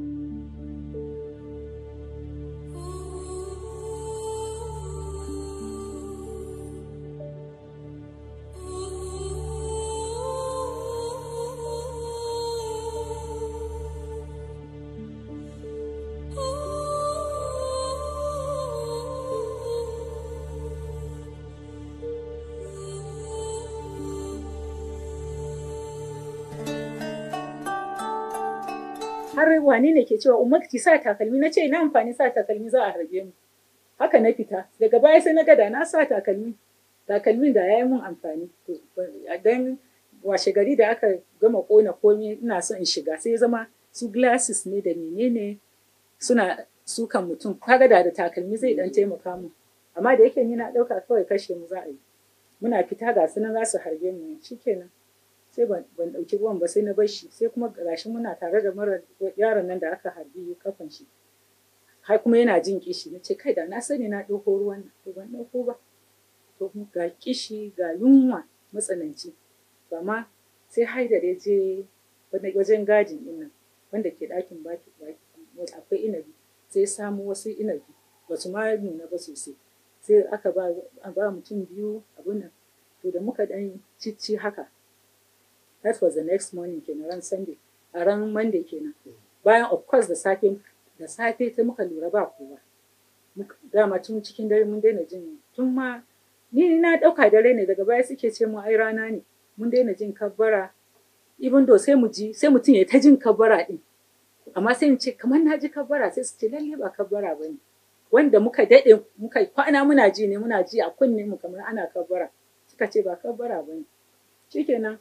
thank you har wane ne ke cewa umma ki sa takalmi na ce ina amfani sa takalmi za a harbe mu haka na fita daga baya sai na gada na sa takalmi takalmin da yayi mun amfani dan washe gari da aka gama kona komai ina so in shiga sai zama su glasses ne da menene suna sukan mutum kaga da da takalmi zai dan taimaka mu amma da yake ni na dauka kawai kashe mu za a yi muna fita ga sunan za su harbe mu shikenan sai ban ɗauki ruwan ba sai na bar shi sai kuma gashi muna tare da mara yaron nan da aka harbi kafan shi har kuma yana jin kishi na ce kai da na sani na ɗauko ruwan nan to ban ɗauko ba to ga kishi ga yunwa matsananci ba ma sai haidar ya je wajen gadin din nan wanda ke ɗakin baki baki akwai inabi sai samu wasu inabi Ba su ma nuna ba sosai sai aka ba mutum biyu abun nan to da muka ɗan cicci haka that was the next morning kenan ran sunday a ran monday kenan bayan of course da safe da safe ta muka lura ba kowa dama tun cikin dare mun daina jin tun ma ni na dauka dare ne daga baya suke ce mu ai rana ne mun daina jin kabbara even though sai mu ji sai mutum ya ta jin kabbara din amma sai in ce kamar na ji kabbara sai su ce lalle ba kabbara bane wanda muka daɗe muka kwana muna ji ne muna ji a kunne mu kamar ana kabbara suka ce ba kabbara bane shikenan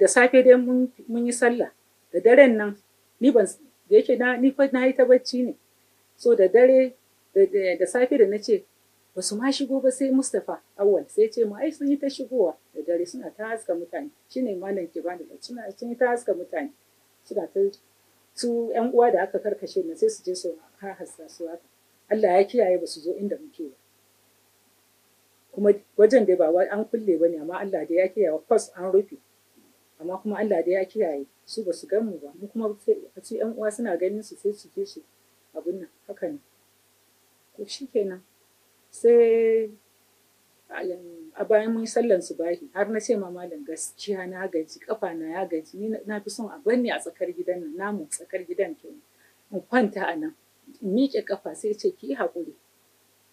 da safe dai mun yi sallah da daren nan ni ban da yake na ni fa na yi ta bacci ne so da dare da safe da nace ba su ma shigo ba sai Mustapha awwal sai ce mu ai sun yi ta shigowa da dare suna ta haska mutane shine malam ke bani da suna sun yi ta haska mutane suna ta su yan uwa da aka karkashe na sai su je su ha hasa su Allah ya kiyaye ba su zo inda muke ba kuma wajen da ba an kulle ba ne amma Allah da ya kiyaye kwas an rufe amma kuma Allah da ya kiyaye su ba su gan mu ba mu kuma a ce yan uwa suna ganin su sai su je su abin nan haka ne to shikenan sai a bayan mun sallan su bahi har na ce ma malam gaskiya na gaji kafa na ya gaji ni na fi son a banni a tsakar gidan nan namu tsakar gidan kenan in kwanta a nan in miƙe kafa sai ce ki haƙuri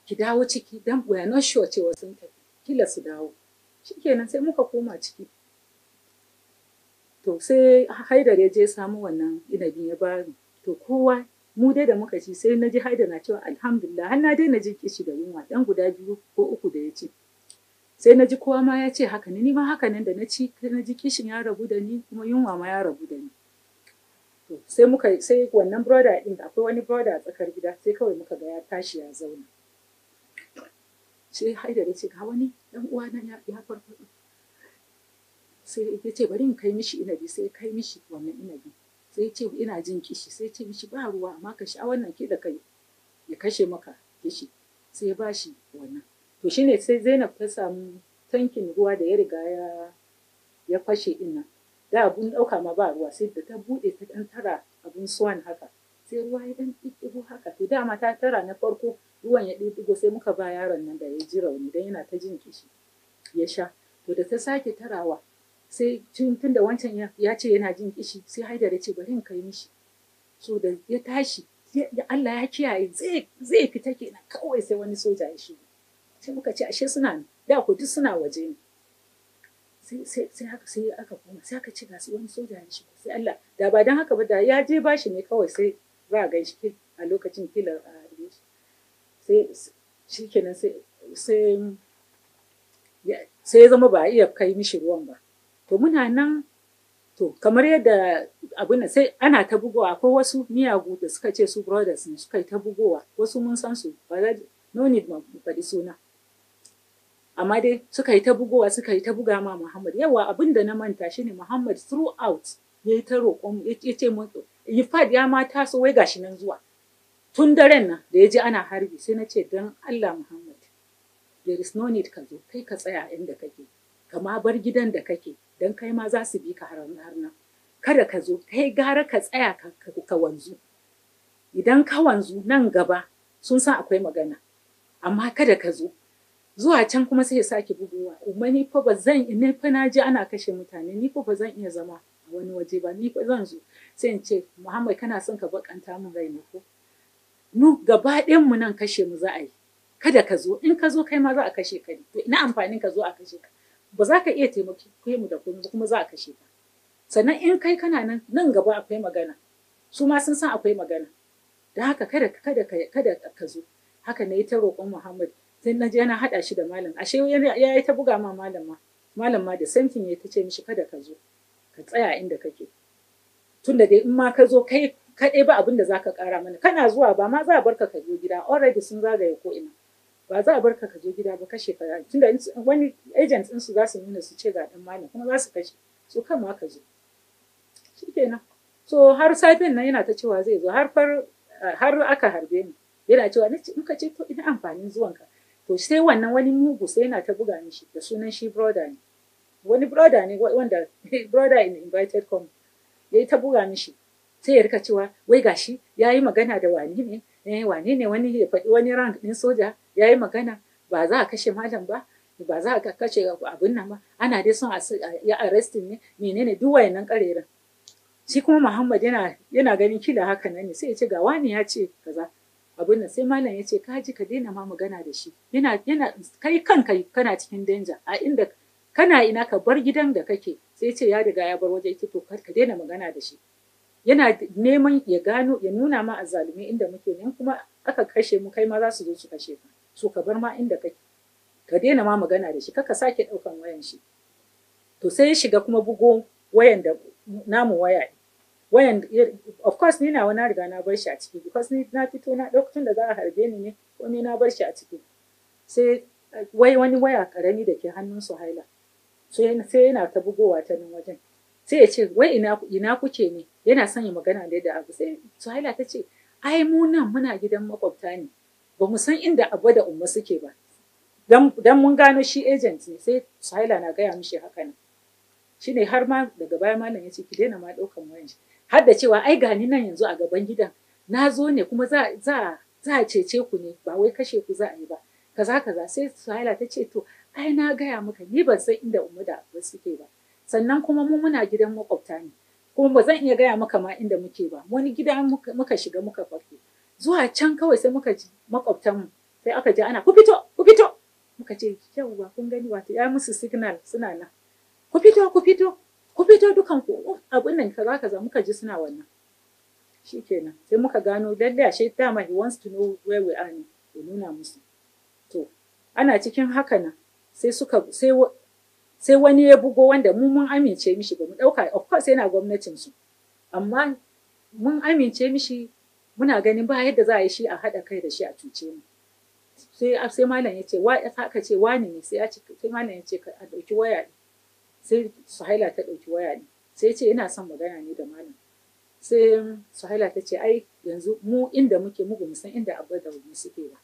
ki dawo ciki dan we are sure cewa sun tafi kila su dawo shikenan sai muka koma ciki to sai haidar ya je samu wannan inabi ya bani to kowa mu dai da muka ci sai na ji haidar na cewa alhamdulillah har na dai na ji kishi da yunwa dan guda biyu ko uku da ya ci sai na ji kowa ma ya ce haka ne ni ma haka nan da na ci na ji kishin ya rabu da ni kuma yunwa ma ya rabu da ni sai muka sai wannan brother din akwai wani brother a tsakar gida sai kawai muka ga ya tashi ya zauna sai haida ya ce ga wani uwa na ya farfaɗo sai ya ce bari in kai mishi inabi sai kai mishi wannan inabi sai ya ce ina jin kishi sai ya ce mishi ba ruwa amma ka sha wannan ke da kai ya kashe maka kishi sai ya ba shi wannan to shine sai Zainab ta samu tankin ruwa da ya riga ya ya fashe ina da abun dauka ma ba ruwa sai da ta bude ta ɗan tara abun swan haka sai ruwa ya dan ɗiɗɗigo haka to dama ta tara na farko ruwan ya ɗiɗɗigo sai muka ba yaron nan da ya ji rauni don yana ta jin kishi ya sha to da ta sake tarawa sai tun da wancan ya ce yana jin kishi sai haidar ya ce bari in kai mishi so da ya tashi Allah ya kiyaye zai fita kenan kawai sai wani soja ya shigo sai muka ce ashe suna da ku duk suna waje ne sai haka sai aka koma sai aka ci ga wani soja ya shigo sai Allah da ba dan haka ba da ya je bashi ne kawai sai za a ganshi a lokacin kila sai shi sai ya zama ba a iya kai mishi ruwan ba to muna nan to kamar yadda abin sai ana ta bugowa akwai wasu miyagu da suka ce su brothers ne suka yi ta bugowa wasu mun san su ba no need ma faɗi suna amma dai suka yi ta bugowa suka yi ta buga ma Muhammad yawa abin da na manta shine Muhammad throughout ya yi ta roƙon ya ce mun in ya ma taso wai gashi nan zuwa tun daren nan da ya ji ana harbi sai na ce don Allah Muhammad there is no need ka zo kai ka tsaya inda kake ka bar gidan da kake don kai ma za su bi ka har nan kada ka zo kai gara ka tsaya ka wanzu idan ka wanzu nan gaba sun san akwai magana amma kada ka zo zuwa can kuma sai ya sake bugowa kuma ni fa bazan fa na ana kashe mutane ni fa ba iya zama a wani waje ba ni fa zan zo sai in ce Muhammad kana son ka bakanta min rai ko nu gaba mu nan kashe mu za a yi kada ka zo in ka zo kai ma za a kashe ka to ina amfanin ka zo a kashe ka ba za ka iya taimaki. kai mu da komai kuma za a kashe ka sannan in kai kana nan nan gaba akwai magana su ma sun san akwai magana da haka kada kada kada ka zo haka na yi ta roƙon Muhammad sai na je na haɗa shi da malam ashe ya yi ta buga ma malam ma malam ma da santin ya ta ce mishi kada ka zo ka tsaya inda kake tunda dai in ma ka zo kai kaɗai ba abin da za ka ƙara mana kana zuwa ba ma za a barka ka je gida already sun zagaye ko ina ba za a barka ka je gida ba kashe ka tunda wani agent su za su nuna su ce ga ɗan malam kuma za su kashe su kan ma ka zo shikenan so har safin nan yana ta cewa zai zo har far har aka harbe ni yana cewa in ka ce to ina amfanin zuwanka to sai wannan wani mugu sai yana ta buga ni shi da sunan shi brother ne wani brother ne wanda brother in invited come yayi ta buga ni shi sai ya rika cewa wai gashi ya yi magana da wani ne eh, wani ne wani ya faɗi wani rank ɗin soja ya yi magana ba za a kashe malam ba ba za a kashe abin nan ba ana dai son ya arrestin ne menene duk wayannan karerin shi kuma Muhammad yana yana ganin kila haka nan ne sai ya ce ga wani ya ce kaza abin nan sai malam ya ce kaji ka daina ma magana da shi yana yana kai kanka kana cikin danja a inda kana ina ka bar gidan da kake sai ya ce ya riga ya bar waje ita to ka daina magana da shi yana neman ya gano ya nuna ma a zalumi inda muke nan kuma aka kashe mu kai ma za su zo su kashe ka so ka bar ma inda kake ka daina ma magana da shi kaka sake ɗaukan wayan shi to sai ya shiga kuma bugo wayan da namu waya wayan of course ni na wani riga na bar shi a ciki because ni na fito na lokacin da za a harbe ni ne ko ni na bar shi a ciki sai wai wani waya karami da ke hannun su haila sai yana ta bugowa ta nan wajen sai ya ce wai ina ina kuke ne yana son ya magana da yadda abu sai Suhaila ta ce ai mu nan muna gidan makwabta ne ba mu san inda abu da umma suke ba dan mun gano shi agent ne sai Suhaila na gaya mishi haka ne shine har ma daga baya malam ya ce ki daina ma daukan wayan shi har da cewa ai gani nan yanzu a gaban gidan na zo ne kuma za za za a cece ku ne ba wai kashe ku za a yi ba kaza kaza sai Suhaila ta ce to ai na gaya maka ni ban san inda umma da abu suke ba sannan kuma mu muna gidan makwabta ne kuma ba zan iya gaya maka ma inda muke ba wani gida muka shiga muka farko zuwa can kawai sai muka ji makwabtanmu sai aka ji ana ku fito ku fito muka ce yauwa kun gani wato ya musu signal suna nan ku fito ku fito ku fito dukan ku oh, abin nan kaza kaza muka ji suna wannan shikenan sai muka gano lalle ashe dama he wants to know where we are ne ya nuna musu to ana cikin haka nan sai suka sai sai wani ya bugo wanda mu mun amince mishi ba mu ɗauka of course yana gwamnatin su amma mun amince mishi muna ganin ba yadda za a yi shi a haɗa kai da shi a cuce mu sai sai malam ya ce wa aka ce wani ne sai ya ce sai malam ya ce a ɗauki waya ne? sai suhaila ta ɗauki waya ne sai ya ce ina son magana ne da malam sai suhaila ta ce ai yanzu mu inda muke mu bamu san inda abba da mu suke ba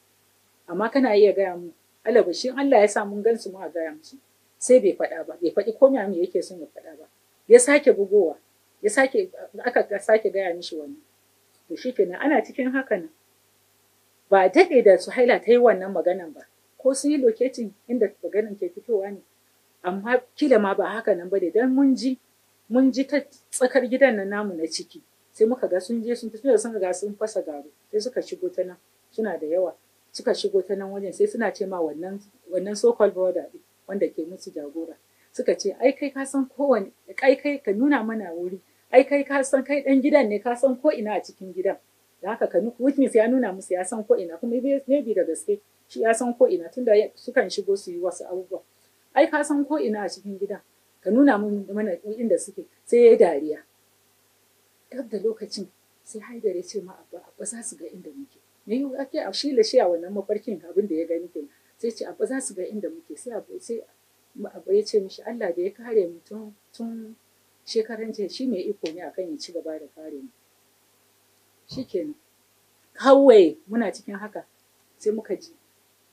amma kana iya gaya mu alabashin Allah ya sa mun gan su mu a gaya musu sai bai faɗa ba bai faɗi ko me yake son ya faɗa ba ya sake bugowa ya sake aka sake gaya mishi wani. to shikenan ana cikin haka nan ba daɗe da Suhaila ta yi wannan maganan ba ko sun yi loketin inda maganan ke fitowa ne amma kila ma ba haka nan ba ne dan mun ji mun ji ta tsakar gidan nan namu na ciki sai muka ga sun je sun fito sun ga sun fasa garo sai suka shigo ta nan suna da yawa suka shigo ta nan wajen sai suna ce ma wannan wannan so called border wanda ke musu jagora suka ce ai kai ka san kowane kai kai ka nuna mana wuri ai kai ka san kai dan gidan ne ka san ko ina a cikin gidan da haka ka witness ya nuna musu ya san ko ina kuma maybe da gaske shi ya san ko ina tunda sukan shigo su yi wasu abubuwa ai ka san ko ina a cikin gidan ka nuna mana inda suke sai ya dariya gab da lokacin sai haidar ya ce ma abba abba za su ga inda muke me yi ake a shi a wannan mafarkin abin da ya gani kenan sai ce abu za su ga inda muke sai abu sai abu ya ce mishi Allah da ya kare mu tun tun shekaran jiya shi mai iko ne akan ya ci gaba da kare mu shikenan kawai muna cikin haka sai muka ji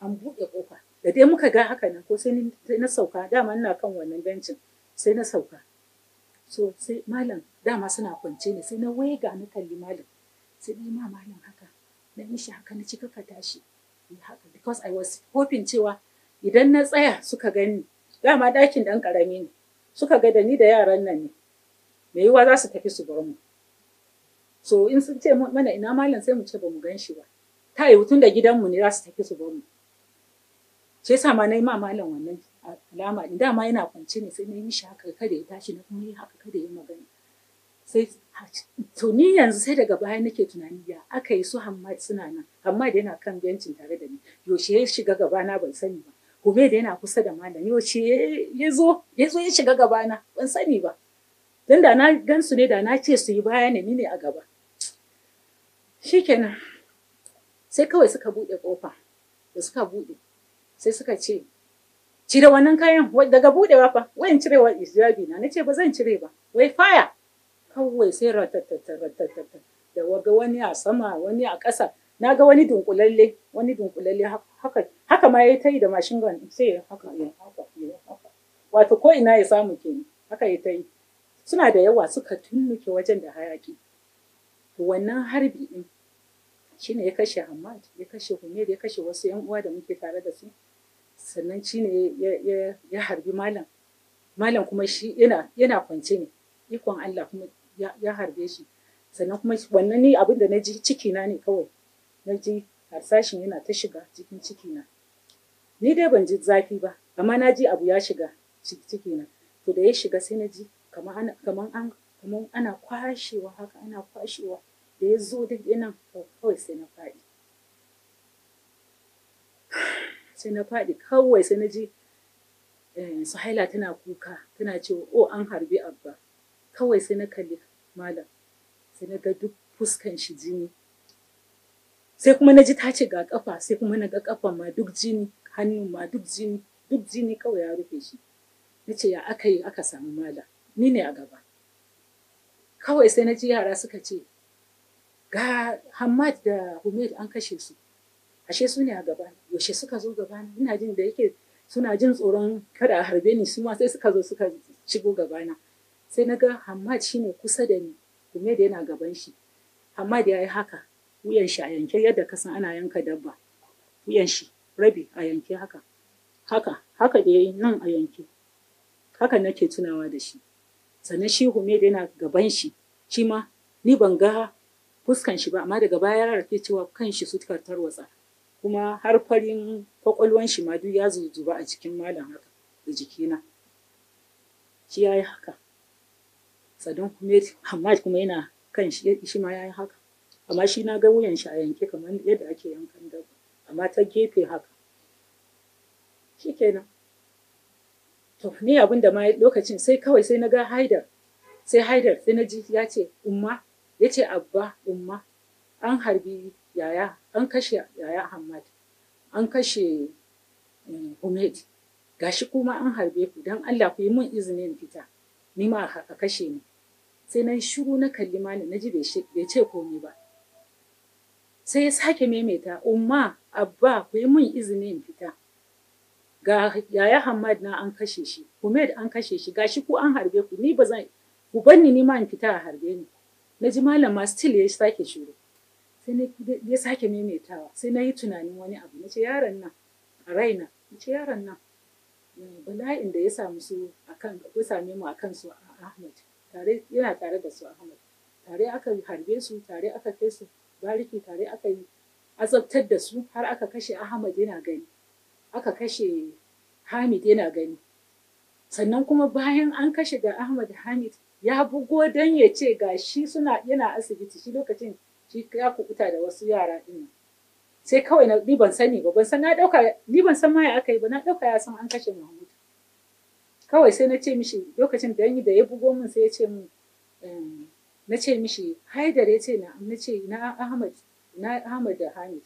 an buɗe kofa, da dai muka ga haka nan ko sai na sauka dama ina kan wannan bencin sai na sauka so sai malam dama suna kwance ne sai na waiga na kalli malam sai na ma malam haka na yi shi haka na cika ka tashi because I was hoping cewa idan na tsaya suka gani dama dakin dan karami ne suka ga da ni da yaran nan ne me yiwa za su tafi su bar mu so in sun ce mana ina malam sai mu ce ba mu gan shi ba ta yi tun da gidanmu ne za su tafi su bar mu sai sa ma na yi ma malam wannan alama dama yana kwance ne sai na yi mishi haka kada ya tashi na kuma yi haka kada ya magana sai to ni yanzu sai daga baya nake tunani ya aka yi su hamma suna nan hamma da yana kan bencin tare da ni yaushe ya shiga gabana ban sani ba hume da yana kusa da malam yaushe ya zo ya zo ya shiga gabana ban sani ba dan da na gan ne da na ce su yi baya ne ni a gaba shikenan sai kawai suka buɗe ƙofa da suka buɗe sai suka ce cire wannan kayan daga wai fa wayan wa? ijabi na nace ba zan cire ba wai faya kawai sai ratatatatata da waga wani a sama wani a ƙasa na ga wani dunkulalle wani dunkulalle haka haka ma ya ta yi da mashin gun sai haka haka wato ko ina ya samu kenan haka ya ta yi suna da yawa suka tunnuke wajen da hayaki to wannan harbi din shine ya kashe Hamad ya kashe Humaid ya kashe wasu yan uwa da muke tare da su sannan shine ya harbi malam malam kuma shi yana kwance ne ikon Allah kuma ya harbe shi sannan kuma wannan ni abin da na ji cikina ne kawai na ji harsashin yana ta shiga cikin cikina ni dai ban ji zafi ba amma na ji abu ya shiga cikina to da ya shiga sai na ji kamar an kamar ana kwashewa haka ana kwashewa da ya zo duk nan kawai sai na faɗi sai na faɗi kawai sai na ji eh, suhaila tana kuka tana cewa o oh, an harbi abba kawai sai na kalli malam sai na ga duk fuskan shi jini sai kuma na ji ta ce ga kafa sai kuma na ga kafa ma duk jini Hannun ma duk jini duk jini kawai ya rufe shi na ce ya aka yi aka samu malam ni ne a gaba kawai sai na ji yara suka ce ga hamad da humaid an kashe su ashe su ne a gaba yaushe suka zo gaba ina jin da yake suna jin tsoron kada a harbe ni su ma sai suka zo suka shigo gabana sai na ga hamad shi kusa da ni kuma da yana gaban shi hamad ya yi haka wuyan shi a yanke yadda ka san ana yanka dabba wuyan shi rabi a yanke haka haka haka da ya yi nan a yanke haka nake tunawa da shi sannan shi hume da yana gaban shi shi ma ni ban ga fuskan shi ba amma daga baya ya rarrafe cewa kan shi suka tarwatsa kuma har farin kwakwalwan shi ma duk ya zuzuba a jikin malam haka da jikina shi ya yi haka sadun kuma hamad kuma yana kan shi shi ma yayi haka amma shi na ga wuyan shi a yanke kamar yadda ake yankan dabba amma ta gefe haka shikenan to ni abin da ma lokacin sai kawai sai na ga haidar sai haidar sai na ji ya ce umma ya ce abba umma an harbi yaya an kashe yaya hamad an kashe eh, humed gashi kuma an harbe ku don allah ku yi mun izinin fita ni ma a kashe ni sai na shiru na kalli malam na ji bai ce komai ba sai ya sake maimaita umma abba ku yi min izini in fita ga yaya hamad na an kashe shi humed an kashe shi gashi ku an harbe ku ni ba zan ku banni ni ma in fita a harbe ni na ji malam ma still ya sake shiru sai na ya sake maimaitawa sai na yi tunanin wani abu na ce yaron nan a raina na ce yaron nan eh, bala'in da ya samu su akan ya same mu akan su a Ahmad tare yana tare da su Ahmad tare aka harbe su tare aka kai su bariki tare aka yi azabtar da su har aka kashe Ahmad yana gani aka kashe Hamid yana gani sannan kuma bayan an kashe da Ahmad Hamid ya bugo don ya ce ga shi suna yana asibiti shi lokacin shi ya kubuta da wasu yara din sai kawai na ni ban sani ba ban san na ban san ma ya aka yi ba na ɗauka ya san an kashe Mahmud kawai sai na ce mishi lokacin da da ya bugo min sai ya ce min na ce mishi haidar ya ce na ce na ahmad na ahmad da hamid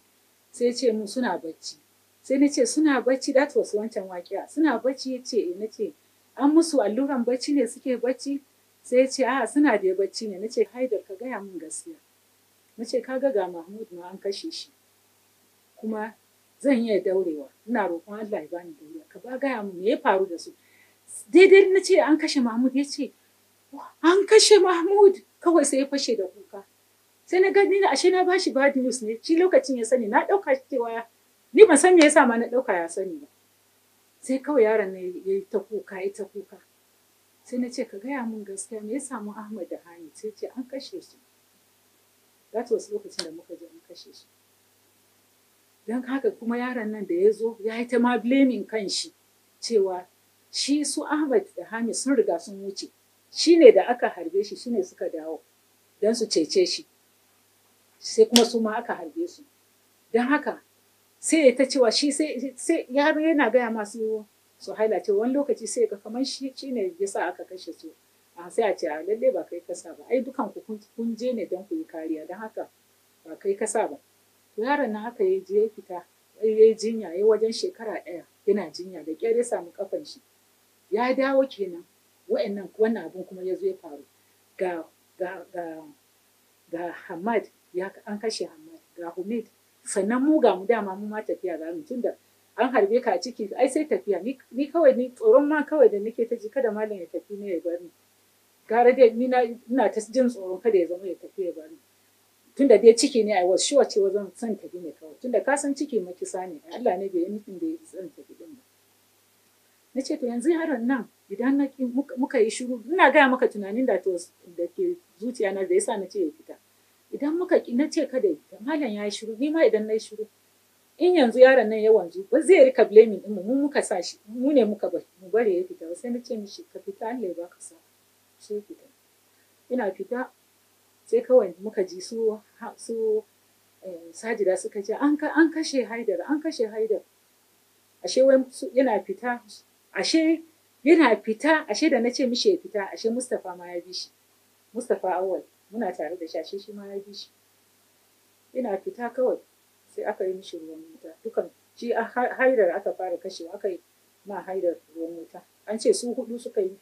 sai ya ce min suna bacci sai na ce suna bacci that was wancan waƙiya suna bacci ya ce eh, na ce an musu alluran bacci ne suke bacci sai ya ce a suna da bacci ne na ce haidar ka gaya min gaskiya na ce kaga ga mahmud ma an kashe shi kuma zan iya daurewa ina roƙon allah ya bani daurewa ka ba gaya min me ya faru da su daidai na ce an kashe mahmud ya ce an kashe mahmud kawai sai ya fashe da kuka sai na gani na ashe na bashi bad news ne shi lokacin ya sani na dauka cewa ni ban san me yasa ma na dauka ya sani ba sai kawai yaron ne ya yi ta kuka ya ta kuka sai na ce ka gaya mun gaskiya me ya samu ahmad da hani sai ce an kashe su that was lokacin da muka je an kashe su don haka kuma yaron nan da ya zo ya yi ta ma blaming kan shi cewa shi su ahmad da hamid sun riga sun wuce shi ne da aka harbe shi ne suka dawo don su cece shi sai kuma su ma aka harbe su don haka sai ya ta cewa shi sai yaro yana gaya masu su haila ce wani lokaci sai ga kamar shi shi ne ya sa aka kashe su a sai a ce a lalle ba kai kasa ba ai dukan ku kun je ne don ku yi kariya don haka ba kai kasa ba yaron na haka ya je ya fita ya jinya ya wajen shekara ɗaya yana jinya da ƙyar ya samu kafan shi ya dawo kenan wa'annan wannan abun kuma ya zo ya faru ga ga ga ga Hamad ya an kashe Hamad ga Humid sannan mu ga mu dama mu ma tafiya ga mutun tunda an harbe ka a ciki ai sai tafiya ni kawai ni tsoron ma kawai da nake ta ji kada malam ya tafi ne ya bar ni gara dai ni na ina ta jin tsoron kada ya zama ya tafi ya bar ni tunda dai ciki ne ai wasu shuwa ce wajen san tafi ne kawai tunda ka san ciki makisa ne Allah ne bai yi nufin da ya san tafi na ce to yanzu yaron nan idan na muka yi shiru ina gaya maka tunanin da da ke zuciya na da yasa na ce ya fita idan muka ki na ce kada ya fita malam ya yi shiru ni ma idan na yi shiru in yanzu yaron nan ya wanzu ba zai rika blaming din mu mu muka sa shi mu ne muka bar mu bare ya fita sai na ce mishi ka fita Allah ya baka sa sai fita ina fita sai kawai muka ji su su eh, sajida suka ce an kashe haidar an kashe haidar ashe wai yana fita ashe yana fita ashe da na ce mishi ya fita ashe Mustapha ma ya bi shi Mustapha Awal muna tare da shi ashe shi ma ya bi shi yana fita kawai sai aka yi mishi ruwan wuta dukan shi haidar aka fara kashewa aka yi ma haidar ruwan wuta an ce su hudu suka yi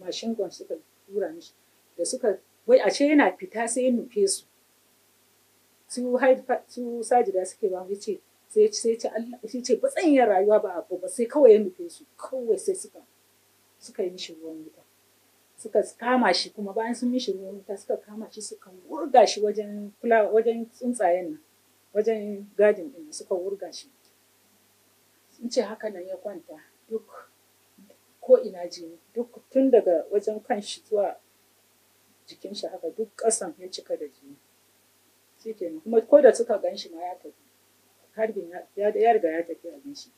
mashin suka tura mishi da suka wai ashe yana fita sai ya nufe su su sajida suke ba wuce sai sai ce Allah sai ce ba zan rayuwa ba abu ba sai kawai ya nufe su kawai sai suka suka yi shi ruwan wuta suka kama shi kuma bayan sun mishi ruwan wuta suka kama shi suka wurga shi wajen kula wajen tsuntsayen nan wajen gadin din suka wurga shi sun ce haka nan ya kwanta duk ko ina jini duk tun daga wajen kan shi zuwa jikin shi haka duk ƙasan ya cika da jini shikenan kuma ko da suka ganshi ma ya tafi harbin ya riga ya tafi a shi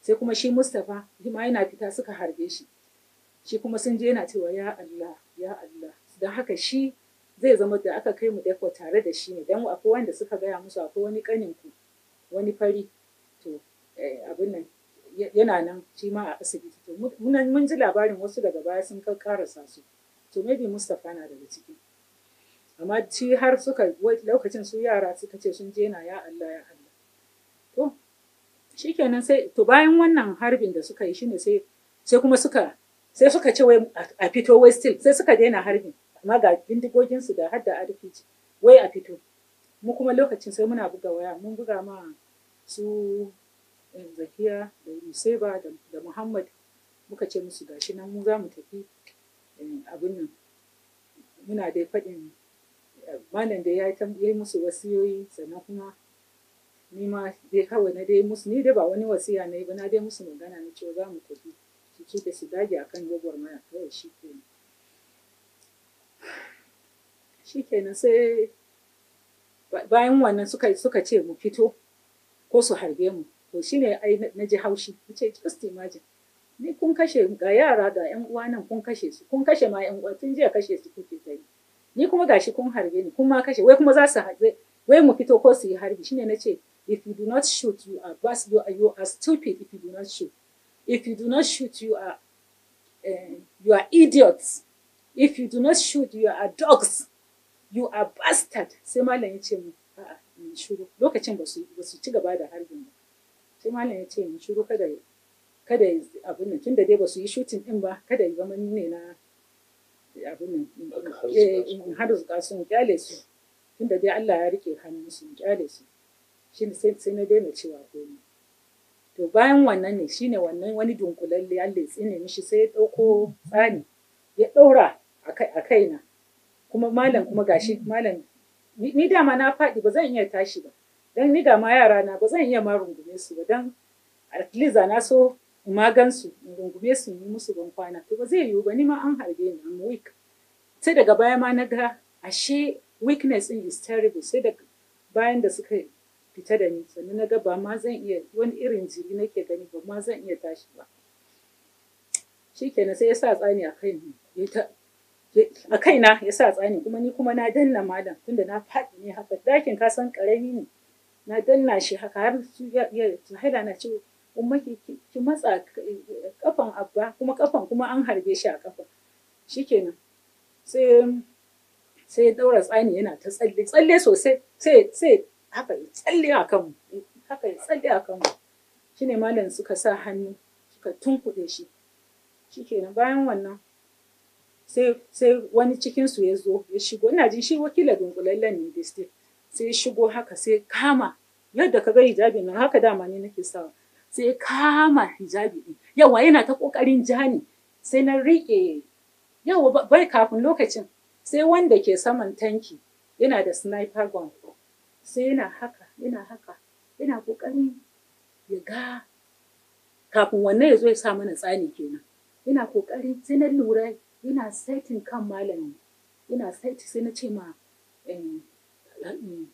sai kuma shi mustapha ma yana fita suka harbe shi shi kuma sun je yana cewa ya allah ya allah don haka shi zai zama da aka kai mu dako tare da shi ne don akwai wanda suka gaya musu akwai wani kanin ku wani fari to eh, abin nan yana nan shi ma a asibiti to mun ji labarin wasu daga baya sun karasa su to maybe mustapha na daga ciki amma ci har suka lokacin su yara suka ce sun je na ya allah ya allah shikenan sai to bayan wannan harbin da suka yi shine sai sai kuma suka sai suka ce wai a fito wai still sai suka daina harbin amma ga bindigogin su da har da wai a fito mu kuma lokacin sai muna buga waya mun buga ma su eh, Zakiya da Yuseba da Muhammad muka ce musu gashi nan mu za mu tafi eh, abin nan muna dai faɗin eh, malam da ya yi musu wasiyoyi sannan kuma ni ma dai kawai na dai musu ni dai ba wani wasiya na yi ba na dai musu magana na cewa za mu tafi su ce da su dage gwagwar maya, kawai shi kenan shi kenan sai bayan wannan suka ce mu fito ko su harbe mu to shine ai na ji haushi na ce just imagine ni kun kashe ga yara da yan uwa nan kun kashe su kun kashe ma yan uwa tun jiya kashe su kuke ta yi ni kuma gashi kun harbe ni kun ma kashe wai kuma za su wai mu fito ko su yi harbi ne na ce If you do not shoot, you are bas- you, are, you are stupid if you do not shoot. If you do not shoot, you are uh, you are idiots. If you do not shoot, you are dogs. You are bastard. Sai malam mu a'a in shiru lokacin ba su ba su ci gaba da harbin ba. Sai malam ya shiru kada kada abin nan tunda dai ba su yi shooting din ba kada ya zama ne na abin nan eh, in kyale su tunda dai Allah ya rike hannun su kyale su. shi sai na daina cewa komai to bayan wannan ne shine wannan wani dunkulalle Allah ya tsine mishi sai ya ɗauko tsani ya ɗaura a na? kuma malam kuma gashi malam ni dama na faɗi ba zan iya tashi ba dan ni ga ma yara na ba zan iya ma rungume su ba dan at least na so in ma gansu in rungume su yi musu ban kwana to ba zai yiwu ba ni ma an harbe ni am weak sai daga baya ma na ga ashe weakness in is terrible sai da bayan da suka fita da ni sannan na ga ba ma zan iya wani irin jiri nake gani ba ma zan iya tashi ba shikenan sai ya sa tsani a kai a kaina ya sa tsani kuma ni kuma na danna malam tunda na faɗi ne haka dakin ka san ƙarami ne na danna shi haka har ya na ce umma ki matsa kafan abba kuma kafan kuma an harbe shi a kafa shikenan sai sai ya daura tsani yana ta tsalle tsalle sosai sai sai haka ya tsalle a kanmu haka ya tsalle shine malam suka sa hannu suka tunkuɗe shi na bayan wannan sai wani cikinsu ya zo ya shigo ina jin shi wakila dunkulallen ne da sai sai shigo haka sai kama yadda ka ga hijabi nan haka dama ne nake sawa sai kama hijabi din yawa yana ta kokarin jani sai na riƙe yawa bai kafin lokacin sai wanda ke saman tanki yana da sniper gun sai yana haka yana haka yana ƙoƙari ya ga kafin wannan ya zo ya sa mana tsani kenan yana ƙoƙari sai na lura yana saitin kan malami yana saiti sai na ce ma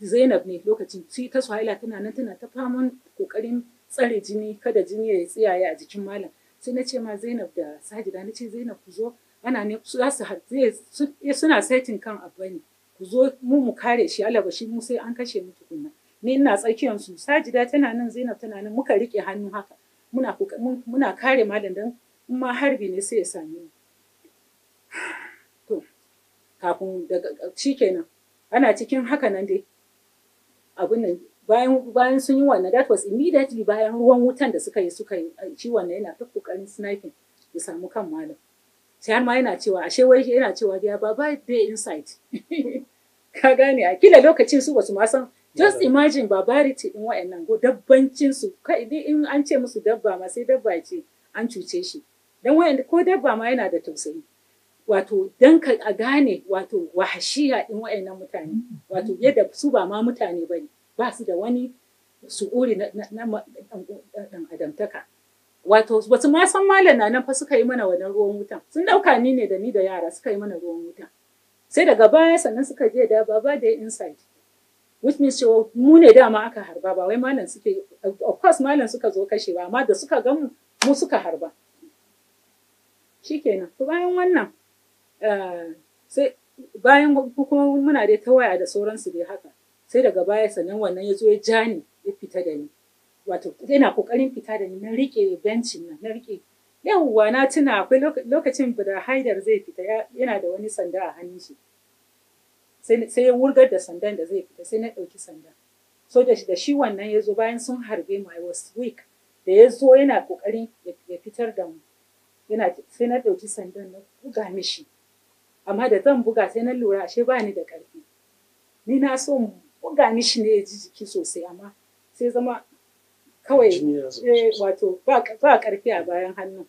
Zainab ne lokacin ci ta Suhaila tana nan tana ta faman ƙoƙarin tsare jini kada jini ya tsiyaye a jikin malam sai na ce ma Zainab da Sajida na ce Zainab ku zo ana ne za su eh, suna saitin kan abu ne ku zo mu mu kare shi alaba shi mu sai an kashe mu tukunna ni ina tsakiyar su sajida tana nan zainab tana nan muka rike hannu haka muna muna kare malam dan in ma harbi ne sai ya same mu to kafin daga shikenan ana cikin haka nan dai abin nan bayan bayan sun yi wannan that was immediately bayan ruwan wutan da suka yi suka yi shi wannan yana ta kokarin sniping ya samu kan malam sai har ma yana cewa ashe wai yana cewa dia baba dey inside ka gane a kila lokacin su wasu masan just imagine barbarity in wa'annan go dabbancin su kai in an ce musu dabba ma sai dabba ce an cuce shi dan wa'anda ko dabba ma yana da tausayi wato dan ka a gane wato wahashiya in wa'annan mutane wato yadda su ba ma mutane bane ba su da wani su'uri na adamtaka wato wasu ma malam na nan fa suka yi mana wannan ruwan wutan sun dauka ni ne da ni da yara suka yi mana ruwan wutan sai daga baya sannan suka je da baba da inside which means cewa mu ne dama aka harba ba wai malam suke of course malam suka zo kashe ba amma da suka gan mu mu suka harba shikenan to bayan wannan eh, sai bayan kuma muna dai ta waya da sauransu dai haka sai daga baya sannan wannan ya zo ya ja ni ya fita da ni wato ina kokarin fita da ni na rike bencin nan na rike yawwa na tuna akwai lokacin da haidar zai fita yana da wani sanda a hannun shi sai ya wurgar da sandan da zai fita sai na ɗauki sanda so da shi wannan ya zo bayan sun harbe mu i was weak da ya zo yana kokari ya fitar da mu yana sai na ɗauki sandan na buga mishi amma da zan buga sai na lura ashe ba ni da ƙarfi ni na so mu buga mishi ne ya ji jiki sosai amma sai zama kawai eh, wato ba ƙarfi a bayan hannun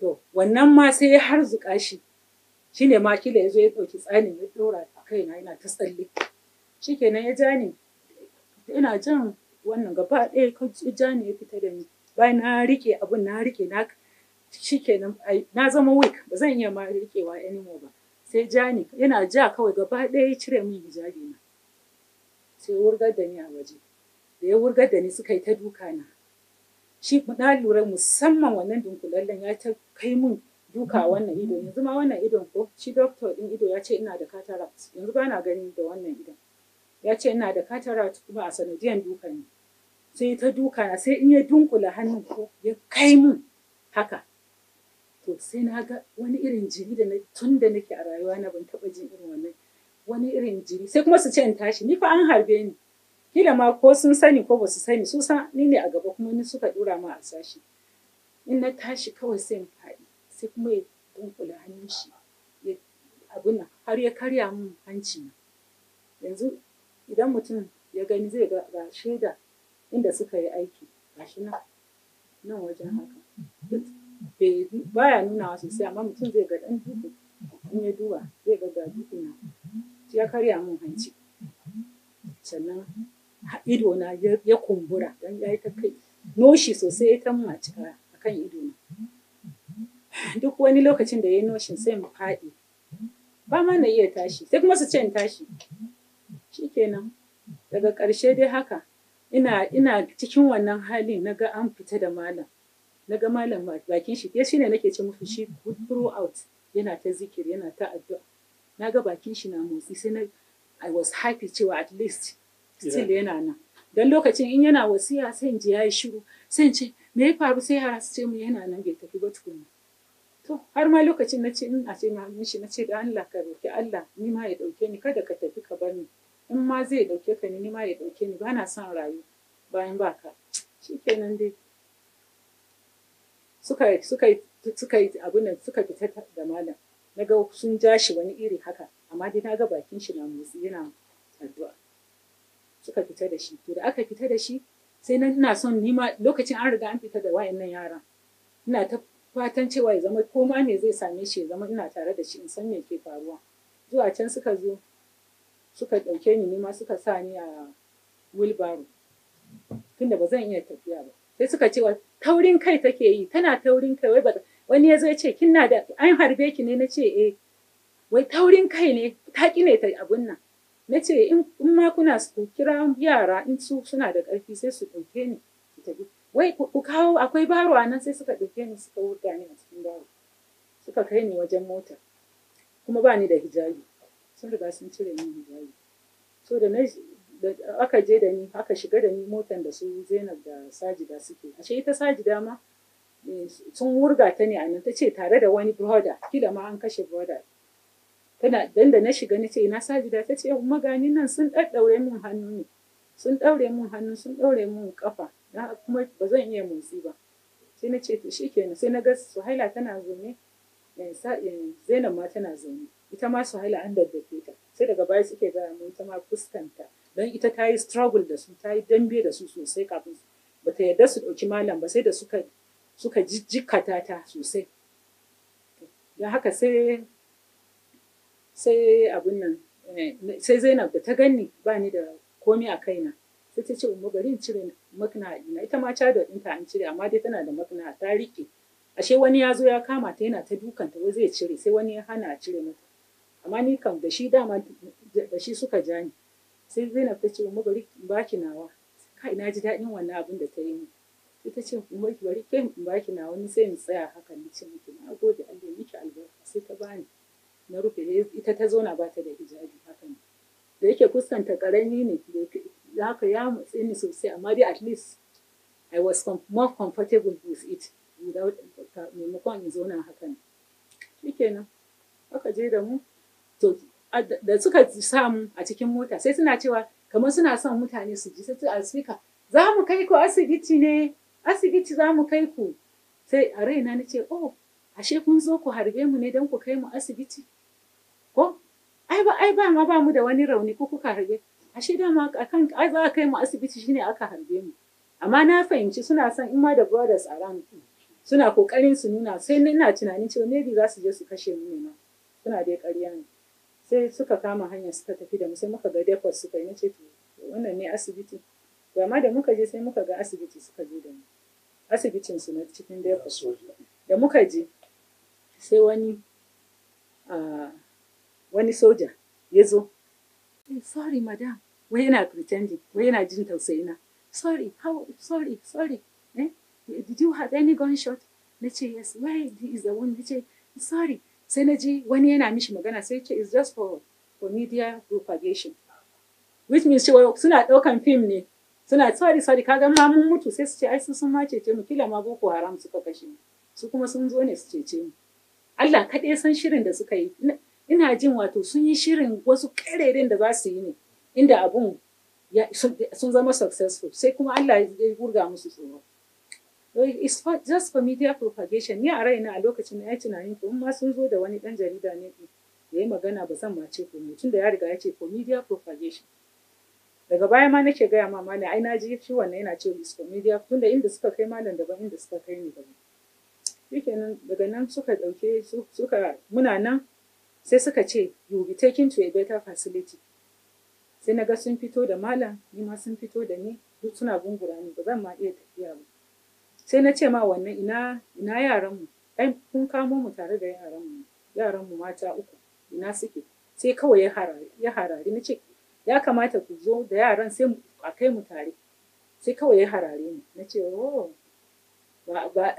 to wannan ma sai ya harzuka shi shine ma kila ya zo ya ɗauki tsanin ya ɗora a kaina yana ta tsalle shikenan ya ja ni ina jan wannan gaba ɗaya ka ja ni ya fita da ni bayan na rike abun na rike na shikenan na zama weak ba zan iya ma rikewa anymore ba sai ja ni yana ja kawai gaba ɗaya ya cire min hijabi na sai wurgar da ni a waje da ya wurgar da ni suka yi ta duka na shi na lura musamman wannan dunkulallen ya ta kai mun duka wannan ido yanzu ma wannan idon ko shi doctor din ido ya ce ina da cataract yanzu ba na gani da wannan ido. ya ce ina da cataract kuma a sanadiyan duka ne sai ta duka na sai in ya dunkula hannun ko ya kai mun haka to sai na ga wani irin jiri da tun da nake a rayuwa na ban taba jin irin wannan wani irin jiri sai kuma su ce in tashi ni fa an harbe ni kila ma ko sun sani ko ba su sani su san ni ne a gaba kuma ni suka dura ma a sashi in na tashi kawai sai in faɗi sai kuma ya dunkula hannun shi abin har ya karya min hanci na yanzu idan mutum ya gani zai ga shaida inda suka yi aiki gashi nan nan wajen haka baya nunawa sosai amma mutum zai ga dan duhu, in ya duba zai ga ga duku na ya karya min hanci sannan ido na ya kumbura dan ya yi ta kai noshi sosai ya ta a cikara akan ido na duk wani lokacin da ya noshin sai mu faɗi ba ma na iya tashi sai kuma su ce in tashi shikenan daga ƙarshe dai haka ina ina cikin wannan hali na ga an fita da malam na ga malam bakin shi ke shine nake ce musu shi throughout yana ta zikir yana ta addu'a na ga bakin shi na motsi sai na I was happy cewa at least still yana nan dan lokacin in yana wasiya sai in ji yayi shiru sai in ce me ya faru sai har ce mu yana nan bai tafi ba tukuna to har ma lokacin na ce in a ce mishi na ce da Allah ka roki Allah ni ma ya dauke ni kada ka tafi ka bar ni in ma zai dauke ka ni ma ya dauke ni ba na son rayu bayan baka shikenan dai suka suka suka abin nan suka fita da malam na ga sun ja shi wani iri haka amma dai na ga bakin shi na motsi yana addu'a suka fita da shi to da aka fita da shi sai nan ina son nima lokacin an riga an fita da wayannan yaran ina ta fatan cewa ya zama koma ne zai same shi ya zama ina tare da shi in san me ke faruwa zuwa can suka zo suka ɗauke ni nima suka sa ni a wilbaro tunda ba zan iya tafiya ba sai suka ce taurin kai take yi tana taurin kai wai ba wani ya zo ya ce na da an harbe ki ne na ce eh wai taurin kai ne ta ƙi ne ta abun nan na ce in ma kuna su kira yara in su suna da ƙarfi sai su ɗauke ni su tafi wai ku kawo akwai baro a nan sai suka ɗauke ni suka wurga ni a cikin baro suka kai ni wajen mota kuma ba ni da hijabi sun riga sun cire ni hijabi so da na aka je da ni aka shiga da ni motan da su zainab da sajida suke ashe ita sajida ma eh, sun wurga ta ne a nan ta ce tare da wani brother kila ma an kashe brother tana dan da na shiga na ce ina sajida ta ce magani nan sun ɗaɗɗaure min hannu ne sun ɗaure min hannu sun ɗaure min kafa dan kuma ba zan iya motsi ba sai na ce to shikenan sai na ga Suhaila tana zaune eh, eh, Zainab ma tana zaune ita ma Suhaila an daddake ta sai daga baya suke ga mu ita ma fuskanta dan ita ta yi struggle da su ta dambe da su sosai kafin ba ta yarda su ɗauki malam ba sai da suka suka jikkata ta sosai don haka sai sai abin nan eh, sai zainab da ta ganni ba ni da komi a kaina sai ta ce umma bari in cire makna ina ita ma cadar ta an cire amma dai tana da makna ta rike ashe wani ya zo ya kama ta yana ta dukanta wai zai cire sai wani ya hana a cire mata amma ni kam da shi dama da shi suka ja ni sai zainab ta ce umma bari baki nawa kai na ji daɗin wannan abin da ta yi ni? Sai ta ce umma bari kai in baki nawa ni sai in tsaya haka ni ce miki na gode Allah miki albarka sai ta bani na rufe ita ta zauna ba ta da hijabi haka ne da yake fuskanta karami ne da haka ya matsi ni sosai amma dai at least I was com more comfortable with it without maimakon in zauna haka ne shikenan aka je da mu to da suka samu a cikin mota sai suna cewa kamar suna son mutane su ji sai a speaker za mu kai ku asibiti ne asibiti za mu kai ku sai a raina na ce oh ashe kun zo ku harbe mu ne don ku kai mu asibiti ko ai ba ai ba ma ba mu da wani rauni ko kuka harbe ashe dama akan ai za a kai mu asibiti shine aka harbe mu amma na fahimci suna son in ma da brothers a ran suna kokarin su nuna sai ina tunanin cewa maybe za su je su kashe mu ne ma suna dai ƙarya ne sai suka kama hanya suka tafi da mu sai muka ga depot suka yi na ce to wannan ne asibiti to amma da muka je sai muka ga asibiti suka je da mu asibitin su na cikin depot da muka je sai wani ah, wani soja ya zo eh, sorry madam wai yana pretending wai yana jin tausayina sorry how sorry sorry eh? did you have any gunshot na ce yes why is the one na ce sorry sai na ji wani yana mishi magana sai ce is just for for media propagation which means cewa suna ɗaukan fim ne suna sorry sorry kaga gama mun mutu sai su ce ai su sun ma cece mu kila ma boko haram suka kashe mu su kuma sun zo ne su cece mu Allah kaɗai san shirin da suka yi ina jin wato sun yi shirin wasu ƙarerin da za su yi ne inda abun sun zama successful sai kuma Allah ya gurga musu tsoro it's just for media propagation ni a raina a lokacin na yi tunanin to ma sun zo da wani dan jarida ne ya yi magana ba zan mace ko mutum da ya riga ya ce for media propagation daga baya ma nake gaya ma malam ai na ji shi wannan yana ce is for media da, inda suka kai malam daban inda suka kai ni daban daga nan suka dauke suka muna nan sai suka ce you be taken to a better facility sai na ga sun fito da malam ni ma sun fito da ni duk suna gungura ni ba zan ma iya tafiya ba sai na ce ma wannan ina ina yaran mu ai kun kamo mu tare da yaran mu yaran mu mata uku ina suke sai kawai ya harari ya harari na ce ya kamata ku zo da yaran sai a kai mu tare sai kawai ya harare ni na ce oh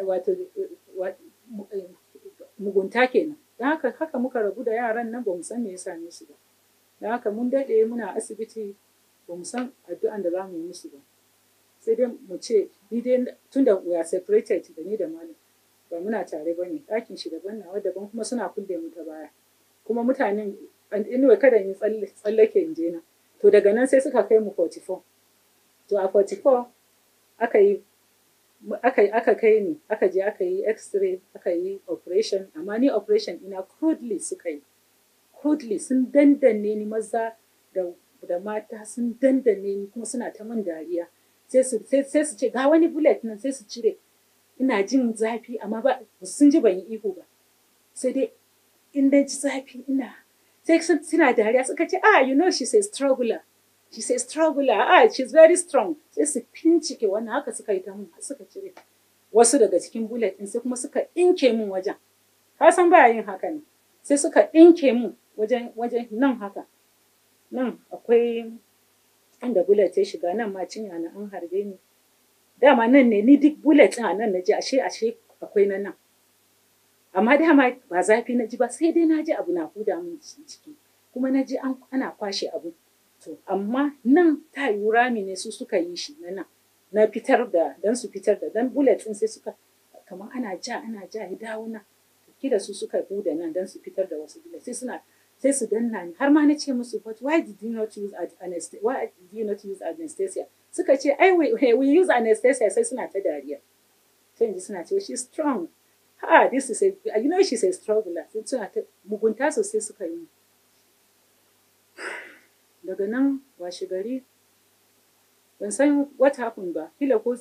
wato mugunta kenan da haka haka muka rabu da yaran nan ba mu san me ya same su ba da haka mun daɗe muna asibiti ba mu san addu'an da za mu yi musu ba sai dai mu ce ni dai tun da we are separated da ni da malam ba muna tare ba ne ɗakin shi daban na nawa daban kuma suna kulle mu ta baya kuma mutanen wai kada in tsallake in je na to daga nan sai suka kai mu 44 to a 44 aka yi aka kai ni aka je aka yi x-ray aka yi operation amma ni operation ina crudely suka yi crudely sun dandanne ni maza da mata sun dandanne ni kuma suna ta man dariya sai su ce ga wani bullet nan sai su cire ina jin zafi amma ba sun ji ban yi ihu ba sai dai in ji zafi ina sai suna dariya suka ce ah you know she's a struggler she says struggle ah she's very strong sai su fincike wannan haka suka yi ta mun suka cire wasu daga cikin bullet din sai kuma suka ɗinke mun wajen ka san ba yin haka ne sai suka ɗinke mun wajen wajen nan haka nan akwai inda bullet ya shiga nan ma cinya na an harbe ni dama nan ne ni duk bullet din a nan na ji ashe ashe akwai na nan amma dama ba zafi na ji ba sai dai na ji abu na huda min ciki kuma na ji ana kwashe abu amma nan ta yi rami ne su suka yi shi na nan na fitar da dan su fitar da dan bullet din sai suka kamar ana ja ana ja ya dawo nan kida su suka bude nan dan su fitar da wasu bullet sai suna sai su danna ni har ma na ce musu but why did you not use anesthesia why did you not use anesthesia suka ce ai we, we use anesthesia sai suna ta dariya sai ji suna ce, she strong Ha, this is a you know she's a struggler suna ta mugunta sosai suka yi daga nan washe gari ban san wata happened ba kila ko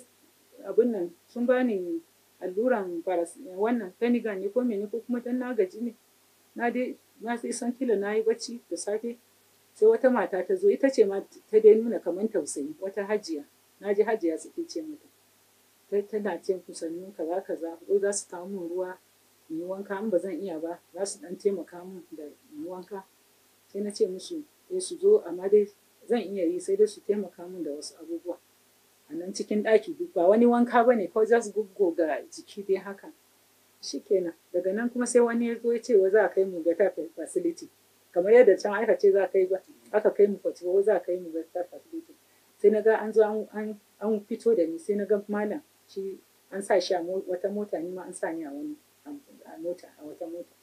abin nan sun bani alluran wannan penigan ne ko mene ko kuma dan na gaji ne na dai na sai san kila na yi bacci da safe sai wata mata ta zo ita ce ma ta dai nuna kamar tausayi wata hajiya na ji hajiya suke ce mata tana ce ku kaza kaza ko za su kawo min ruwa in yi wanka in ba zan iya ba za su dan taimaka min da in wanka sai na ce musu sai su zo amma dai zan iya yi sai dai su taimaka min da wasu abubuwa a nan cikin ɗaki duk ba wani wanka ba ne ko just ga jiki dai haka Shi kenan. daga nan kuma sai wani ya zo ya ce wa za a kai mu gata facility kamar yadda can aka ce za a kai ba aka kai mu kwaci wa za a kai mu gata facility sai na ga an zo an fito da ni sai na ga malam shi an sa shi a wata mota ni ma an sa ni a wani a mota a wata mota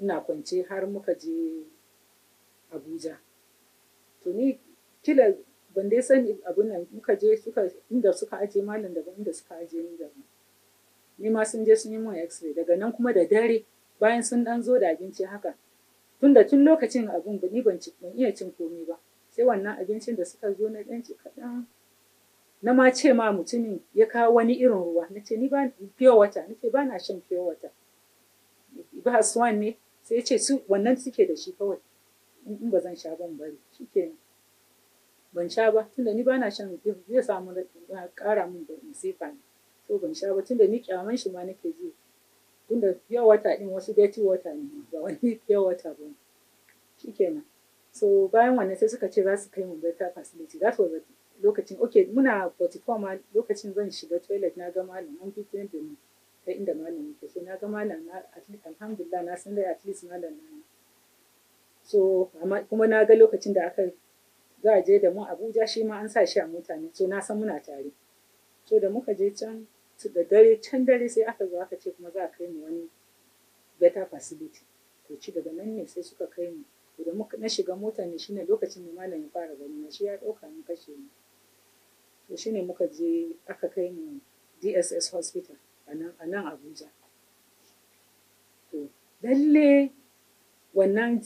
ina kwance har muka je abuja to ni kila ban dai sani abin nan muka je suka inda suka aje malam daban inda suka aje ni daban ni ma sun je sun yi mun x-ray daga nan kuma da dare bayan sun dan zo da abinci haka tun da tun lokacin abun ni ban iya cin komai ba sai wannan abincin da suka zo na dan ci kaɗan na ma ce ma mutumin ya kawo wani irin ruwa na ce ni ba fiye wata na ce ba na shan fiye wata ba ne sai ya ce su wannan suke da shi kawai in ba zan sha ban bari shikenan ban sha ba tunda ni bana shan zai samu na ƙara min da masifa ne so ban sha ba tunda ni kyaman shi ma nake ji tunda pure water din wasu dirty water ne ba wani pure water ba shikenan so bayan wannan sai suka ce za su kai mu better facility that was lokacin Ok muna 44 ma lokacin zan shiga toilet na ga malam an fi da ni ta inda malam yake so na ga malam na at alhamdulillah na san dai at least malam na so kuma na ga lokacin da aka za a je da mu abuja shi ma an sa shi a mota so na san muna tare so da muka je can da dare can dare sai aka zo aka ce kuma za a kai mu wani better facility to ci daga nan ne sai suka kai mu da muka na shiga mota ne shine lokacin da malam ya fara gani na shi ya dauka mun kashe mu to shine muka je aka kai mu DSS hospital nan a nan Abuja to lalle wannan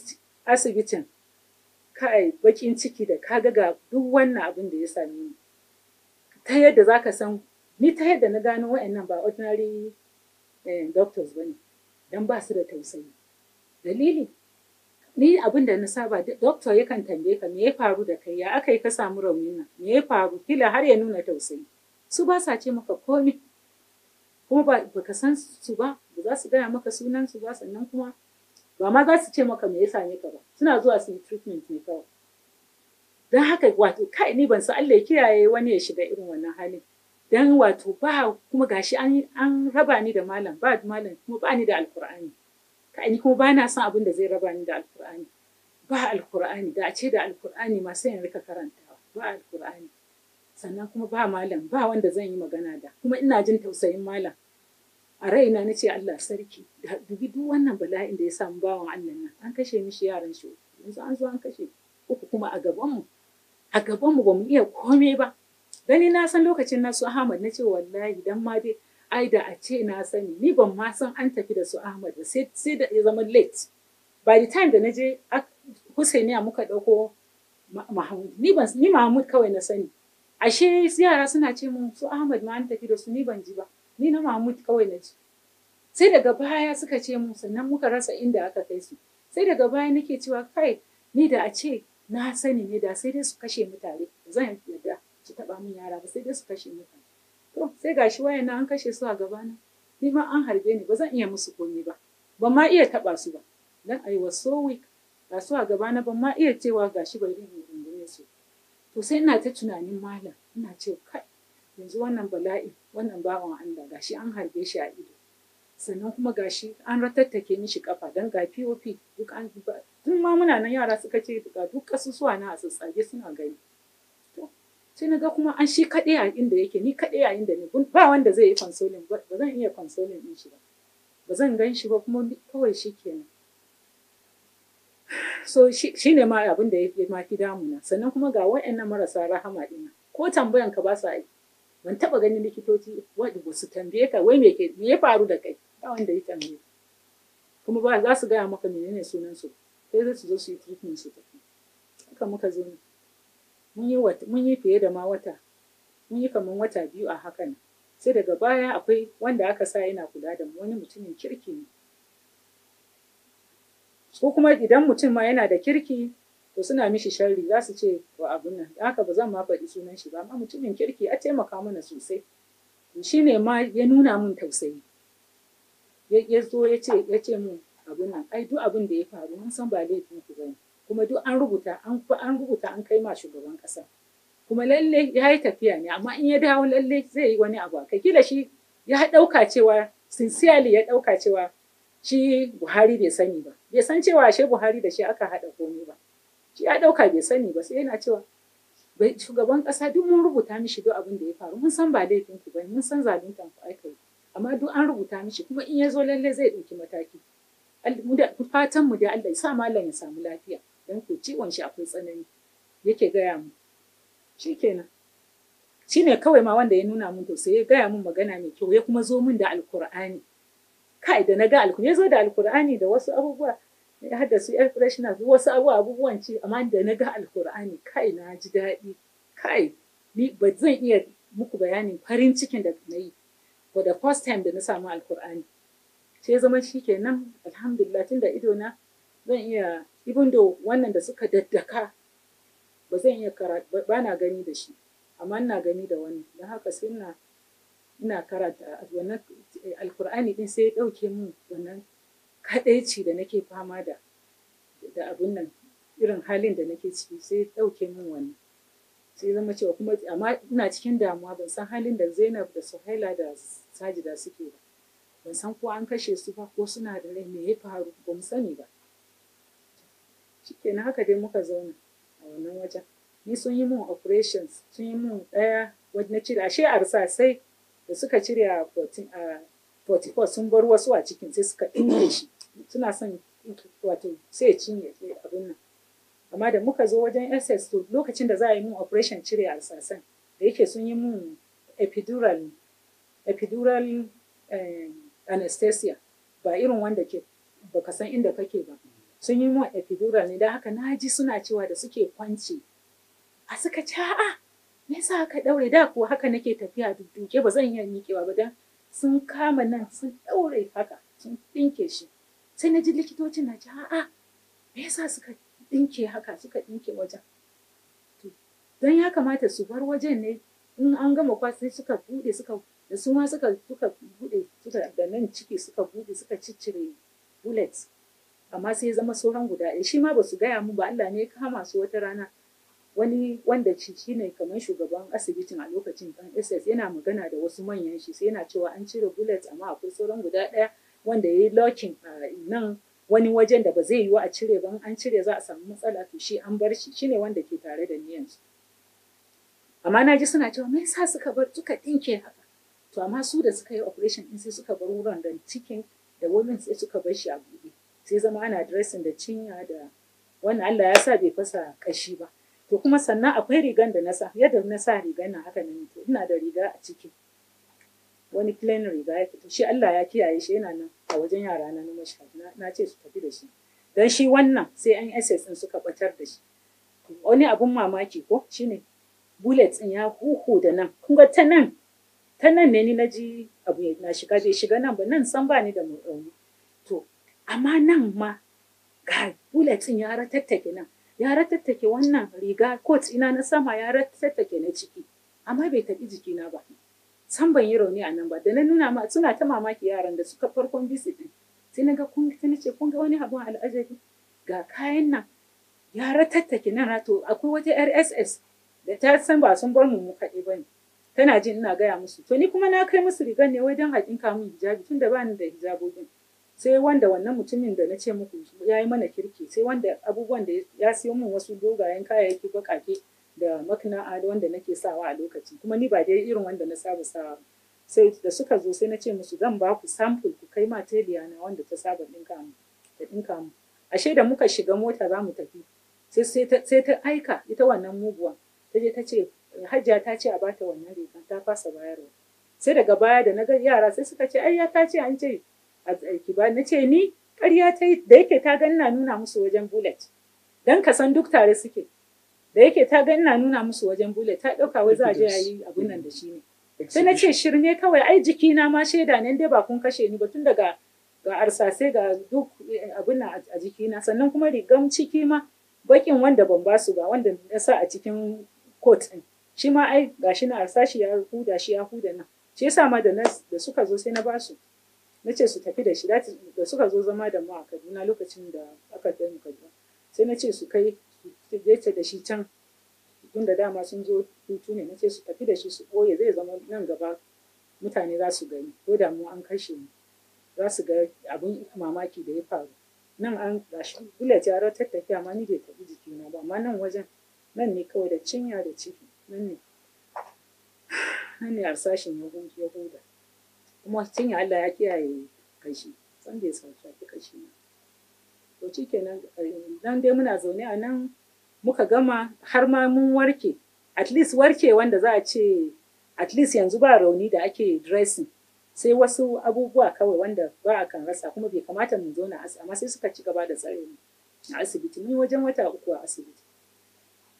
asibitin kai bakin ciki da kaga ga duk wannan abin da ya same ni ta yadda za ka san ni ta yadda na gano wa'annan ba ordinary eh, doctors ba ne don ba su da tausayi dalili ni abin da na saba doctor yakan tambaye ka me ya faru da kai ya aka yi ka samu rauni nan me ya faru kila har ya nuna tausayi su ba sa ce maka komi kuma ba ka san su ba ba za su gaya maka sunan su ba sannan kuma ba ma za su ce maka me yasa ne ka ba suna zuwa su yi treatment ne kawai don haka wato kai ni ban san Allah ya kiyaye wani ya shiga irin wannan halin dan wato ba kuma gashi an an raba ni da malam ba malam kuma ba ni da alqur'ani kai ni kuma ba na son abin da zai raba ni da alqur'ani ba alqur'ani da a ce da alqur'ani ma sai in rika karantawa ba alqur'ani sannan kuma ba malam ba wanda zan yi magana da kuma ina jin tausayin malam a raina na ce Allah sarki dubi duk wannan bala'in da ya samu bawan Allah nan an kashe mishi yaran shi yanzu an zo an kashe uku kuma a gaban mu a gaban mu bamu iya komai ba gani na san lokacin na su Ahmad na ce wallahi dan ma dai ai da a ce na sani ni ban ma san an tafi da su Ahmad ba sai sai da ya zama late by the time da na je ya muka dauko Mahmud ni ban ni Mahmud kawai na sani ashe yara suna ce mun su Ahmad ma an tafi da su ni ban ji ba ni na Mahmud kawai na ji. Sai daga baya suka ce mu sannan muka rasa inda aka kai su. Sai daga baya nake cewa kai ni da a ce na sani ne da sai dai su kashe mu tare zan yarda su taɓa min yara ba sai dai su kashe mu To sai gashi na an kashe su a gaba na. ni ma an harbe ni ba zan iya musu komai ba ban ma iya taɓa su ba dan ai was so weak ga su a gaba na, ban ma iya cewa gashi bai in rungume su. To sai ina ta tunanin malam ina cewa kai yanzu wannan bala'i wannan bawan Allah gashi an harbe shi a ido sannan kuma gashi an ratattake mishi kafa dan ga POP duk an tun ma muna nan yara suka ce ga duk kasusuwa na a tsatsage suna gani to sai na ga kuma an shi kaɗai a inda yake ni kaɗai a inda ne ba wanda zai yi consoling ba zan iya consoling din shi ba ba zan gan ba kuma kawai shi kenan so shi ne ma abin da ya fi damuna sannan kuma ga wa'annan marasa rahama ɗina ko tambayan ka ba sa yi ban taba ganin likitoci wadda ba su tambaye ka wai me ya faru da kai ba wanda ya tambaye kuma ba za su gaya maka menene sunan su sai zai su zo su yi treatment su tafi haka muka zo ne mun yi fiye da ma wata mun yi kamar wata biyu a hakan sai daga baya akwai wanda aka sa yana kula da mu wani mutumin kirki ne ko kuma idan mutum ma yana da kirki to suna mishi sharri za su ce wa abun nan haka ba zan ma faɗi sunan shi ba amma mutumin kirki a taimaka mana sosai shi ne ma ya nuna min tausayi ya zo ya ce ya ce min abun nan ai duk abin da ya faru mun san ba laifin ku bane kuma duk an rubuta an rubuta an kai ma shugaban kasa kuma lalle ya yi tafiya ne amma in ya dawo lalle zai yi wani abu kai kila shi ya ɗauka cewa sincerely ya ɗauka cewa shi Buhari bai sani ba bai san cewa ashe Buhari da shi aka haɗa komai ba shi ya ɗauka bai sani ba sai yana cewa Bai shugaban ƙasa duk mun rubuta mishi duk abin da ya faru mun san ba laifin ku bane mun san zaluntan ku aka yi amma duk an rubuta mishi kuma in ya zo lallai zai dauki mataki fatan mu da Allah ya sa malam ya samu lafiya dan ku ciwon shi akwai tsanani yake gaya mu shikenan shine kawai ma wanda ya nuna mun to sai ya gaya mun magana mai kyau ya kuma zo mun da alkur'ani kai da na ga alkur'ani ya zo da alkur'ani da wasu abubuwa ya hada su yar freshener wasu abubuwan ci amma da na ga alkur'ani kai na ji daɗi kai ni ba zan iya muku bayanin farin cikin da na yi for the first time da na samu alkur'ani sai zama shi kenan alhamdulillah tun da ido na zan iya even though wannan da suka daddaka ba zan iya karatu ba na gani da shi amma ina gani da wani don haka sai ina ina karanta wannan eh, alkur'ani din sai ya ɗauke min wannan kaɗaici da nake fama da da abun nan irin halin da nake ciki sai ɗauke min wani sai zama cewa kuma amma ina cikin damuwa ban san halin da zainab da suhaila da sajida suke ba ban san ko an kashe su ba ko suna da rai me ya faru ba mu sani ba shikenan haka dai muka zauna a wannan wajen ni sun yi min operations sun yi min ɗaya na cire ashe arsa sai da suka cire a 44 sun bar wasu a cikin sai suka ɗinke shi suna son wato sai ya cinye abin nan amma da muka zo wajen ss to lokacin da za a yi mun operation cire alsasan da yake sun yi mun epidural epidural eh, anesthesia ba irin wanda ke baka san inda kake ba sun yi mun epidural ne da haka na ji suna cewa da suke kwanci a suka ce a'a me yasa aka daure da kuwa haka nake tafiya duke ba zan iya miƙewa ba dan sun kama nan sun daure haka sun dinke shi sai na ji likitocin na ji a'a me yasa suka dinke haka suka dinke wajen to dan ya kamata su bar wajen ne in an gama kwasa sai suka bude suka da su ma suka suka bude suka da nan ciki suka bude suka ciccire bullets amma sai zama sauran guda ɗaya shi ma ba su gaya mu ba Allah ne ya kama su wata rana wani wanda ci shi ne kamar shugaban asibitin a lokacin dan SS yana magana da wasu manyan shi sai yana cewa an cire bullet amma akwai sauran guda ɗaya wanda ya yi lokin a nan wani wajen da ba zai yiwa a cire ba an cire za a samu matsala to shi an bar shi shine wanda ke tare da ni yanzu amma na ji suna cewa me yasa suka bar suka dinke haka to amma su da suka yi operation din sai suka bar wurin da cikin da wurin sai suka bar shi a buɗe sai zama ana dressing da cinya da wannan Allah ya sa bai fasa kashi ba to kuma sannan akwai rigan da na sa yadda na sa rigan nan haka ne to ina da riga a ciki wani plenary riga ya fito shi Allah ya kiyaye shi yana nan a wajen yara na mashhad na ce su tafi da shi dan shi wannan sai an SS din suka batar da shi wani abun mamaki ko shine bullet din ya huhu da nan kun ga ta nan ta nan ne ni na ji abu na shiga zai shiga nan ba nan san ba ni da murɗauni to amma nan ma ga bullet din ya ratattake nan ya ratattake wannan riga coat ina na sama ya ratattake na ciki amma bai taɓi jikina ba san ban yi rauni a nan ba da na nuna ma suna ta mamaki yaran da suka farkon bisi din sai na ga kun ta nace kun ga wani abun al'ajabi ga kayan nan ya ratattake nan to akwai wata RSS da ta san ba sun bar mu mu kaɗe ba ne tana jin ina gaya musu to ni kuma na kai musu rigan ne wai don haƙin kamun hijabi tun da bani da hijabobin sai wanda wannan mutumin da na ce muku ya yi mana kirki sai wanda abubuwan da ya siyo min wasu dogayen kayayyaki bakake da makna wanda nake sawa a lokaci kuma ni ba dai irin wanda na saba sawa sai da suka zo sai na ce musu zan ba ku sample ku kai ma na wanda ta saba dinka mu ta dinka mu ashe da muka shiga mota za mu tafi sai ta aika ita wannan muguwa ta je ta ce hajja ta ce a bata wannan rigan, ta fasa bayarwa sai daga baya da na ga yara sai suka ce ai ya ta ce an ce a ba na ce ni ƙarya ta da yake ta ganna nuna musu wajen bullet dan ka san duk tare suke da yake ta ga ina nuna musu wajen bule ta ɗauka wai za a je a yi abun nan da shi ne sai na ce shirme kawai ai jikina ma shaida ne dai ba kun kashe ni ba tun daga ga arsase ga duk eh, abin nan a jikina sannan kuma rigam ciki ma bakin wanda ban ba su ba wanda na sa a cikin coat din shi ma ai gashi na arsashi ya huda shi ya huda nan shi yasa ma da da suka zo sai na su na ce su tafi da shi da suka zo zama da mu a Kaduna lokacin da aka kai Kaduna sai na ce su kai su je da shi can tunda dama sun zo hutu ne na ce su tafi da shi su ɓoye zai zama nan gaba mutane za su gani ko da mu an kashe mu za su ga abin mamaki da ya faru nan an gashi bullet ya tattafi amma ni bai tafi jikina ba amma nan wajen nan ne kawai da cinya da ciki nan ne nan ne harsashin ya huda kuma cinya Allah ya kiyaye kashi san bai sauka kashi na to shikenan eh, nan dai muna zaune a nan muka gama har ma mun warke at least warke wanda za a ce at least yanzu ba rauni da ake dressing sai wasu abubuwa kawai wanda ba a kan rasa kuma bai kamata mu zauna asibiti amma sai suka ci gaba da tsare mu a asibiti mun wajen wata uku a asibiti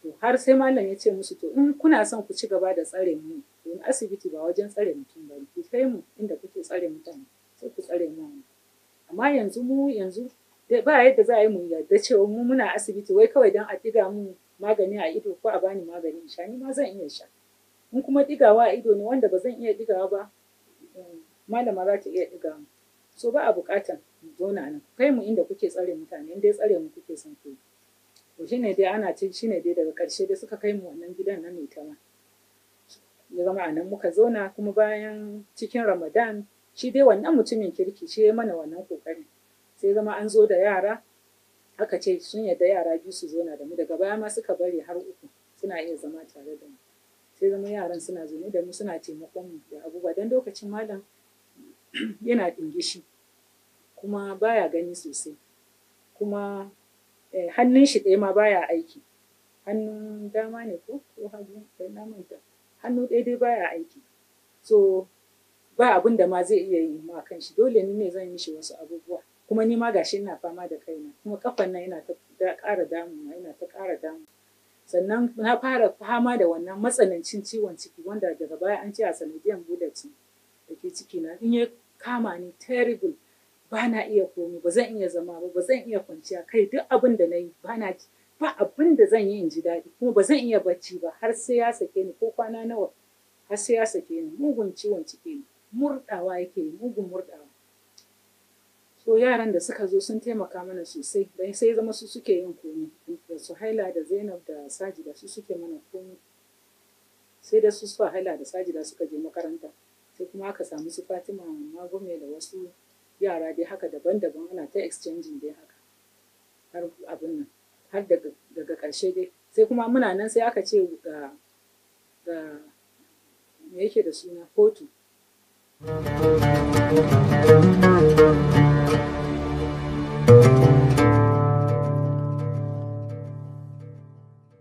to har sai malam ya ce musu to in kuna son ku ci gaba da tsare mu don asibiti ba wajen tsare mutum ba ku kai mu inda kuke tsare mutane sai ku tsare mu amma yanzu mu yanzu ba yadda za a yi mu yarda cewa mu muna asibiti wai kawai dan a diga mu magani a ido ko a bani magani sha ni ma zan iya sha in kuma digawa a ido ne wanda ba zan iya digawa ba eh, malama za ta iya diga mu so ba a bukatan mu zauna nan kai mu inda kuke tsare mutane in dai tsare mu kuke son ku to shine dai ana cin shine dai daga karshe dai suka kai mu wannan gidan nan mai tama ya zama a nan muka zauna kuma bayan cikin ramadan shi dai wannan mutumin kirki shi ya mana wannan kokarin sai zama an zo da yara aka ce sun yadda yara biyu su zo na da mu daga baya ma suka bari har uku suna iya zama tare da mu sai zama yaran suna zaune da mu suna taimakon mu da abubuwa don lokacin malam yana ɗingishi kuma baya gani sosai kuma eh, hannun shi ɗaya ma baya aiki hannun dama ne ko ko hagu da namanta hannu ɗaya dai baya aiki so ba abin da ma zai iya yi ma kan shi dole ne zan yi shi wasu abubuwa kuma ni ma gashi ina fama da kaina kuma kafan nan yana ta ƙara damuna ina ta ƙara damu sannan na fara fama da wannan matsanancin ciwon ciki wanda daga baya an ce a sanadiyan bulletin da ke ciki na in ya kama ni terrible ba na iya komi ba zan iya zama ba ba zan iya kwanciya kai duk abin da na yi ba na ba abin da zan yi in ji daɗi kuma ba zan iya bacci ba har sai ya sake ni ko kwana nawa har sai ya sake ni mugun ciwon ciki ne murɗawa yake yi mugun murɗawa to yaran da suka zo sun taimaka mana sosai don sai zama su suke yin komi. da Haila da zainab da sajida su suke mana komi? sai da su haila da sajida suka je makaranta sai kuma aka samu su fatima magume da wasu yara dai haka daban-daban ana ta exchanging dai haka har abin nan har daga ƙarshe dai sai kuma muna nan sai aka ce ga ga me yake da suna kotu